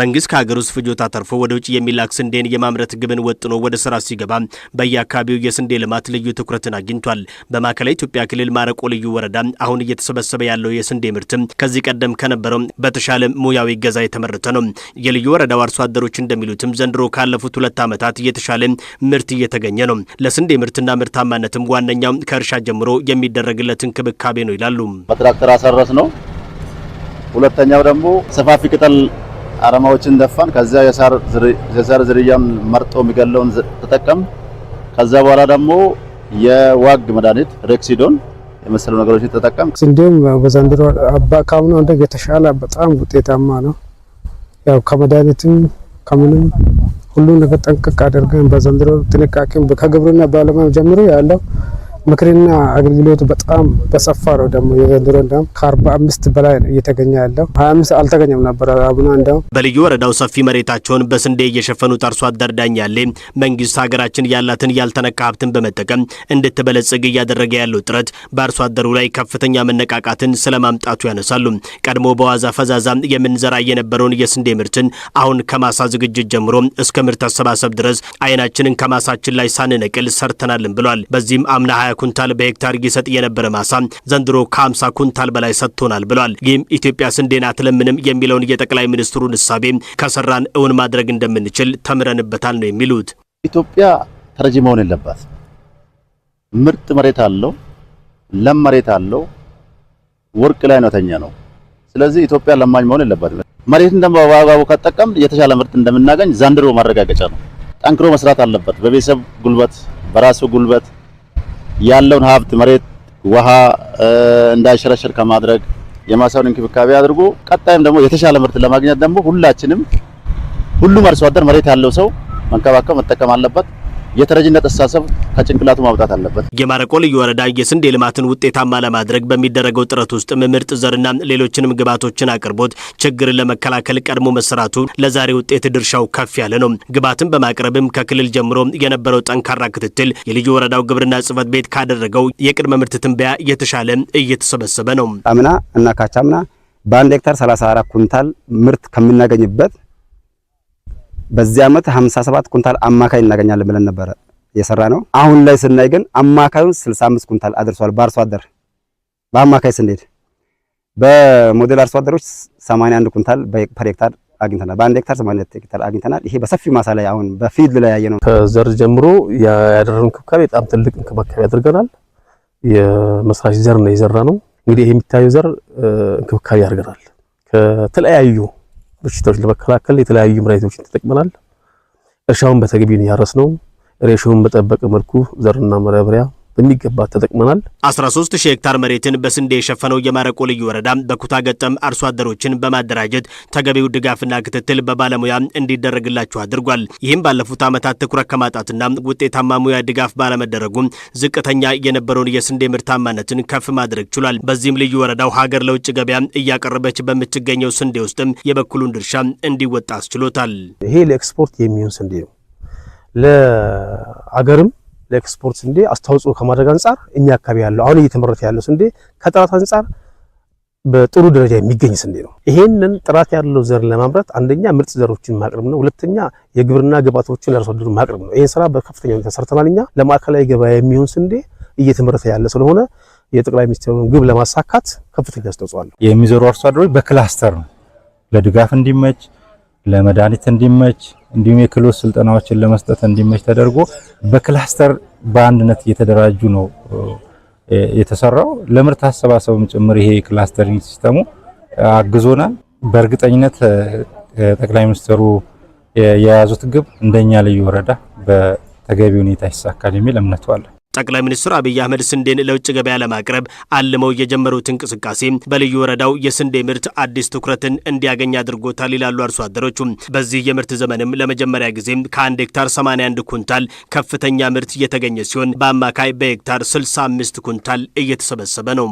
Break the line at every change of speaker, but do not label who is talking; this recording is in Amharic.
መንግስት ከሀገር ውስጥ ፍጆታ ተርፎ ወደ ውጭ የሚላክ ስንዴን የማምረት ግብን ወጥኖ ወደ ስራ ሲገባ በየአካባቢው የስንዴ ልማት ልዩ ትኩረትን አግኝቷል። በማዕከላዊ ኢትዮጵያ ክልል ማረቆ ልዩ ወረዳ አሁን እየተሰበሰበ ያለው የስንዴ ምርት ከዚህ ቀደም ከነበረው በተሻለ ሙያዊ ገዛ የተመረተ ነው። የልዩ ወረዳው አርሶ አደሮች እንደሚሉትም ዘንድሮ ካለፉት ሁለት ዓመታት የተሻለ ምርት እየተገኘ ነው። ለስንዴ ምርትና ምርታማነትም ዋነኛው ከእርሻ ጀምሮ የሚደረግለት እንክብካቤ ነው ይላሉ።
በትራክተር አሰረስ ነው። ሁለተኛው ደግሞ ሰፋፊ ቅጠል አረማዎችን ደፋን። ከዛ የሳር ዝርያን መርጦ የሚገለውን ተጠቀም። ከዛ በኋላ ደግሞ የዋግ መድኃኒት ሬክሲዶን የመሰሉ ነገሮች ተጠቀም።
ስንዴም በዘንድሮ አባ ካምኑ የተሻለ በጣም ውጤታማ ነው። ያው ከመድኃኒትም ከምንም ሁሉ ነገር ጠንቅቅ አድርገን በዘንድሮ ጥንቃቄ ከግብርና ባለሙያ ጀምሮ ያለው ምክርና አገልግሎቱ በጣም በሰፋ ነው። ደግሞ የዘንድሮ እንደውም ከአርባ አምስት በላይ እየተገኘ ያለው ሀያ አምስት አልተገኘም ነበረ አቡና እንደውም
በልዩ ወረዳው ሰፊ መሬታቸውን በስንዴ እየሸፈኑት አርሶ አደር ዳኛሌ መንግስት ሀገራችን ያላትን ያልተነካ ሀብትን በመጠቀም እንድትበለጽግ እያደረገ ያለው ጥረት በአርሶ አደሩ ላይ ከፍተኛ መነቃቃትን ስለማምጣቱ ያነሳሉ። ቀድሞ በዋዛ ፈዛዛ የምንዘራ የነበረውን የስንዴ ምርትን አሁን ከማሳ ዝግጅት ጀምሮ እስከ ምርት አሰባሰብ ድረስ አይናችንን ከማሳችን ላይ ሳንነቅል ሰርተናልን ብሏል። በዚህም አምና 20 ኩንታል በሄክታር ይሰጥ የነበረ ማሳ ዘንድሮ ከ50 ኩንታል በላይ ሰጥቶናል ብሏል። ይህም ኢትዮጵያ ስንዴን አትለምንም የሚለውን የጠቅላይ ሚኒስትሩን እሳቤ ከሰራን እውን ማድረግ እንደምንችል ተምረንበታል ነው የሚሉት።
ኢትዮጵያ ተረጂ መሆን የለባት። ምርጥ መሬት አለው፣ ለም መሬት አለው። ወርቅ ላይ ነው ተኛ ነው። ስለዚህ ኢትዮጵያ ለማኝ መሆን የለባት መሬትን ደግሞ በአግባቡ ከተጠቀም የተሻለ ምርት እንደምናገኝ ዘንድሮ ማረጋገጫ ነው። ጠንክሮ መስራት አለበት። በቤተሰብ ጉልበት፣ በራሱ ጉልበት ያለውን ሀብት መሬት፣ ውሃ እንዳይሸረሸር ከማድረግ የማሳውን እንክብካቤ አድርጎ ቀጣይም ደግሞ የተሻለ ምርት ለማግኘት ደግሞ ሁላችንም ሁሉም አርሶ አደር መሬት ያለው ሰው መንከባከብ መጠቀም አለበት። የተረጅነት አስተሳሰብ ከጭንቅላቱ ማውጣት አለበት።
የማረቆ ልዩ ወረዳ የስንዴ ልማትን ውጤታማ ለማድረግ በሚደረገው ጥረት ውስጥ ምርጥ ዘርና ሌሎችንም ግብዓቶችን አቅርቦት ችግርን ለመከላከል ቀድሞ መሰራቱ ለዛሬ ውጤት ድርሻው ከፍ ያለ ነው። ግብዓትን በማቅረብም ከክልል ጀምሮ የነበረው ጠንካራ ክትትል የልዩ ወረዳው ግብርና ጽሕፈት ቤት ካደረገው የቅድመ ምርት ትንበያ የተሻለ እየተሰበሰበ ነው።
አምና እና ካቻምና በአንድ ሄክታር 34 ኩንታል ምርት ከምናገኝበት በዚህ አመት 57 ኩንታል አማካይ እናገኛለን ብለን ነበረ የሰራ ነው። አሁን ላይ ስናይ ግን አማካዩን 65 ኩንታል አድርሷል። በአርሶ አደር በአማካይ ስንሄድ በሞዴል አርሶ አደሮች 81 ኩንታል ፐር ሄክታር አግኝተናል። በአንድ ሄክታር 81 ሄክታር አግኝተናል። ይሄ በሰፊ ማሳ ላይ አሁን በፊልድ ላይ ያየ ነው።
ከዘር ጀምሮ ያደረግነው እንክብካቤ በጣም ትልቅ እንክብካቤ አድርገናል። የመስራች ዘር ነው የዘራ ነው። እንግዲህ ይሄ የሚታየው ዘር እንክብካቤ አድርገናል ከተለያዩ በሽታዎች ለመከላከል የተለያዩ መድኃኒቶችን ተጠቅመናል። እርሻውን በተገቢ ነው ያረስነው። ሬሾውን በጠበቀ መልኩ ዘርና መረብሪያ በሚገባ ተጠቅመናል።
13 ሺህ ሄክታር መሬትን በስንዴ የሸፈነው የማረቆ ልዩ ወረዳ በኩታ ገጠም አርሶ አደሮችን በማደራጀት ተገቢው ድጋፍና ክትትል በባለሙያ እንዲደረግላቸው አድርጓል። ይህም ባለፉት ዓመታት ትኩረት ከማጣትና ውጤታማ ሙያ ድጋፍ ባለመደረጉ ዝቅተኛ የነበረውን የስንዴ ምርታማነትን ከፍ ማድረግ ችሏል። በዚህም ልዩ ወረዳው ሀገር ለውጭ ገበያ እያቀረበች በምትገኘው ስንዴ ውስጥም የበኩሉን ድርሻ እንዲወጣ አስችሎታል።
ይሄ ለኤክስፖርት የሚሆን ስንዴ ነው ለአገርም ለኤክስፖርት ስንዴ አስተዋጽኦ ከማድረግ አንጻር እኛ አካባቢ ያለው አሁን እየተመረተ ያለው ስንዴ ከጥራት አንጻር በጥሩ ደረጃ የሚገኝ ስንዴ ነው። ይሄንን ጥራት ያለው ዘር ለማምረት አንደኛ ምርጥ ዘሮችን ማቅረብ ነው። ሁለተኛ የግብርና ግብዓቶችን ለአርሶ አደሩ ማቅረብ ነው። ይሄን ስራ በከፍተኛ ሁኔታ ሰርተናል። እኛ ለማዕከላዊ ገበያ የሚሆን ስንዴ እየተመረተ ያለ ስለሆነ የጠቅላይ ሚኒስትሩን ግብ ለማሳካት ከፍተኛ አስተዋጽኦ አለው።
የሚዘሩ አርሶ አደሮች በክላስተር ነው ለድጋፍ እንዲመች ለመድኃኒት እንዲመች እንዲሁም የክህሎት ስልጠናዎችን ለመስጠት እንዲመች ተደርጎ በክላስተር በአንድነት እየተደራጁ ነው የተሰራው። ለምርት አሰባሰብም ጭምር ይሄ ክላስተሪንግ ሲስተሙ አግዞናል። በእርግጠኝነት ጠቅላይ ሚኒስትሩ የያዙት ግብ እንደኛ ልዩ ወረዳ በተገቢ ሁኔታ ይሳካል የሚል እምነቱ አለ።
ጠቅላይ ሚኒስትር አብይ አህመድ ስንዴን ለውጭ ገበያ ለማቅረብ አልመው የጀመሩት እንቅስቃሴ በልዩ ወረዳው የስንዴ ምርት አዲስ ትኩረትን እንዲያገኝ አድርጎታል ይላሉ አርሶ አደሮቹ። በዚህ የምርት ዘመንም ለመጀመሪያ ጊዜ ከአንድ ሄክታር 81 ኩንታል ከፍተኛ ምርት እየተገኘ ሲሆን በአማካይ በሄክታር 65 ኩንታል እየተሰበሰበ ነው።